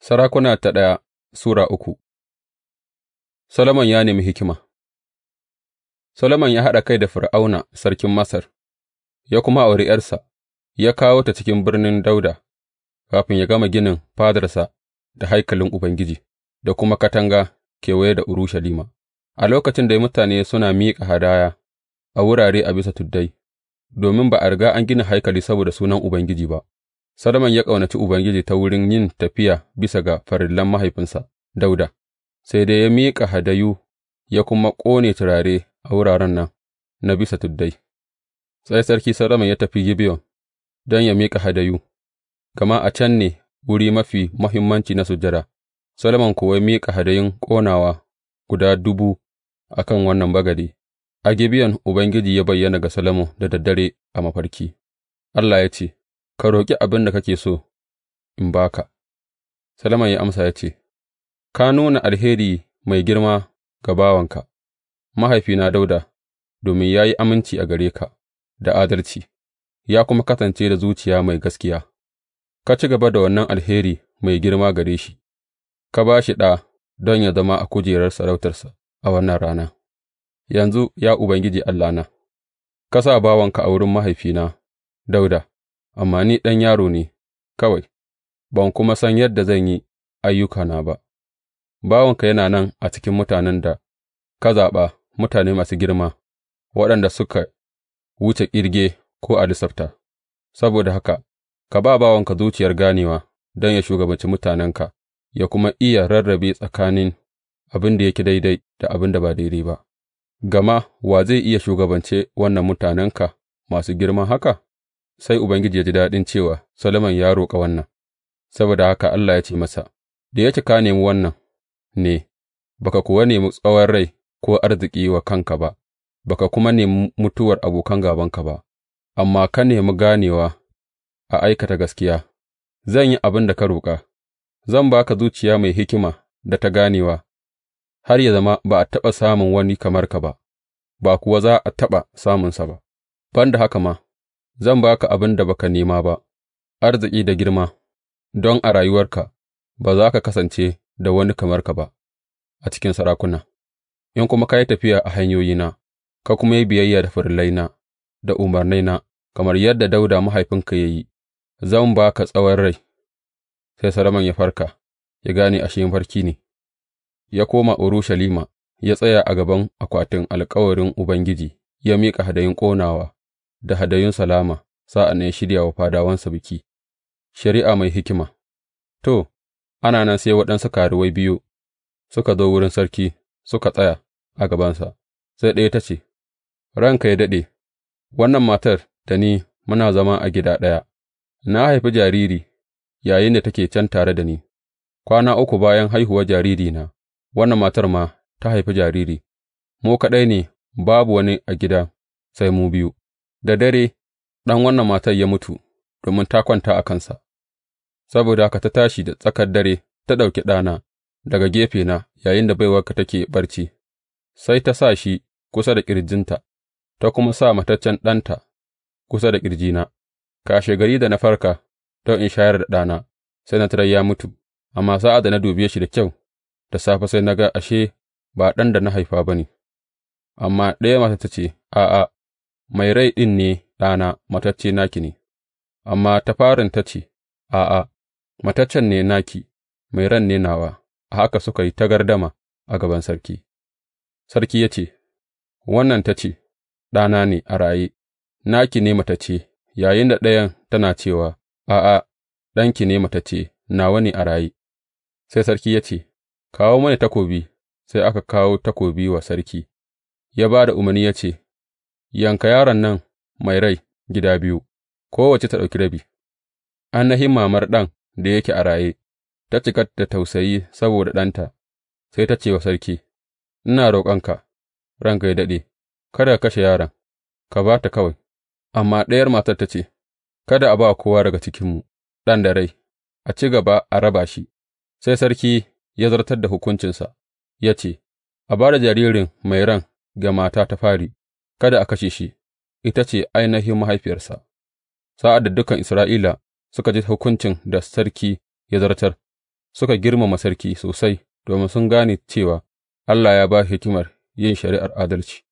Sarakuna ta ɗaya Sura uku Solomon ya nemi hikima Solomon ya haɗa kai da Fir'auna sarkin Masar, ya kuma auri ’yarsa, ya kawo ta cikin birnin Dauda, kafin ya gama ginin fadarsa da haikalin Ubangiji da kuma katanga kewaye da Urushalima, a lokacin da mutane suna miƙa hadaya a wurare a bisa tuddai, domin ba a riga an gina haikali saboda Sunan Ubangiji ba. Solomon ya ƙaunaci Ubangiji ta wurin yin tafiya bisa ga farillan mahaifinsa Dauda sai dai ya miƙa hadayu ya kuma ƙone turare a wuraren nan na bisa tuddai. Sai Sarki Solomon ya tafi Gibeon don ya miƙa hadayu, gama a can ne wuri mafi muhimmanci na sujada, Solomon kuwa ya miƙa hadayun ƙonawa guda dubu a kan wannan bagade. A Gibeon Ubangiji ya bayyana ga Solomon da daddare a mafarki, Allah ya ce. Ka roƙi abin da kake so in ba ka. ya amsa ya ce, Ka nuna alheri mai girma ga bawanka, mahaifina Dauda domin ya yi aminci a gare ka da adalci, ya kuma kasance da zuciya mai gaskiya. Ka ci gaba da wannan alheri mai girma gare shi, ka ba shi ɗa don ya zama a kujerar sarautarsa a wannan rana. Yanzu, ya Ubangiji Allahna, ka sa bawanka a wurin mahaifina Dauda. amma ni ɗan yaro ne kawai, ban kuma san yadda zan yi ayyukana ba, bawanka yana nan a cikin mutanen da ka zaɓa, mutane masu girma, waɗanda suka wuce ƙirge ko a lissafta, saboda haka, ka ba bawanka zuciyar ganewa don ya shugabanci mutanenka, ya kuma iya rarrabe tsakanin abin da yake daidai da abin da ba daidai ba, gama wa zai iya shugabance wannan mutanenka masu girma haka? Sai Ubangiji ya ji daɗin cewa Solomon ya roƙa wannan, saboda haka Allah ya ce masa, Da yake ka nemi wannan ne, baka kuwa nemi tsawon rai ko arziki wa kanka ba, baka kuma nemi mutuwar abokan gabanka ba, amma ka nemi ganewa a aikata gaskiya, zan yi abin da ka roƙa, zan ba ka zuciya mai hikima da ta ganewa, har ya zama ba a taɓa samun wani kamar ka ba, ba kuwa za a taɓa samunsa ba, ban da haka ma. zan ba ka abin da ba ka nema ba, arziki da girma, don a rayuwarka ba za ka kasance da wani kamar ka ba a cikin sarakuna, in kuma ka yi tafiya a hanyoyina, ka kuma yi biyayya da farillaina da umarnaina, kamar yadda Dauda mahaifinka ya yi, zan ba ka tsawon rai. Sai Solomon ya farka, ya gane ashe farki ne, ya koma Urushalima, ya tsaya a gaban akwatin alkawarin Ubangiji, ya miƙa hadayin ƙonawa. da hadayun salama, sa'an nan ya shirya wa fadawansa biki, shari'a mai hikima. To, ana nan sai waɗansu karuwai biyu suka zo wurin sarki suka tsaya a gabansa, sai ɗaya ta ce, Ranka ya daɗe, wannan matar da ni muna zama a gida ɗaya, na haifi jariri Yayin da take can tare da ni, kwana uku bayan haihuwar na. wannan matar ma ta haifi jariri, mu kaɗai ne babu wani a gida sai mu biyu. da dare ɗan wannan matar ya mutu domin ta kwanta a kansa, saboda haka ta tashi da tsakar dare ta ɗauki ɗana daga gefena da baiwarka take barci, sai ta sa shi kusa da ƙirjinta, ta kuma sa mataccen ɗanta kusa da ƙirjina, kashegari da na farka don in shayar da ɗana, sai na tarar ya mutu, amma sa'ad da na dube shi da kyau, da safe sai na ga ashe ba ɗan da na haifa ba ne, amma ɗaya mata ta ce, A'a, Mai rai ɗin ne ɗana, matacce naki ne, amma ta farin ta ce, A'a, mataccen ne naki, mai ran ne nawa, a haka suka yi ta gardama a gaban sarki. Sarki ya ce, Wannan ta ce, Ɗana ne a raye, naki ne matacce, da ɗayan tana cewa, A'a, ɗanki ne matacce, nawa ne a raye. Sai sarki ya ce, Kawo mana takobi, sai aka kawo takobi wa sarki, ya ba da umarni ya ce, Yanka yaron nan mai rai gida biyu, kowace ta ɗauki rabi.’ ainihin mamar ɗan da yake a raye ta cika da tausayi saboda ɗanta, sai ta ce wa sarki, Ina roƙonka, ranka yă daɗe, kada ka kashe yaron, ka ba ta kawai, amma ɗayar matar ta ce, Kada a ba kowa daga cikinmu ɗan da rai, a ci gaba a raba shi, sai sarki ya zartar da hukuncinsa, ya ce, A ba da jaririn mai ran ga mata ta fari, kada a kashe shi, ita ce ainihin mahaifiyarsa. Sa'ad da dukan Isra'ila suka ji hukuncin da sarki ya zartar, suka girmama sarki sosai domin sun gane cewa Allah ya ba hikimar yin shari'ar adalci.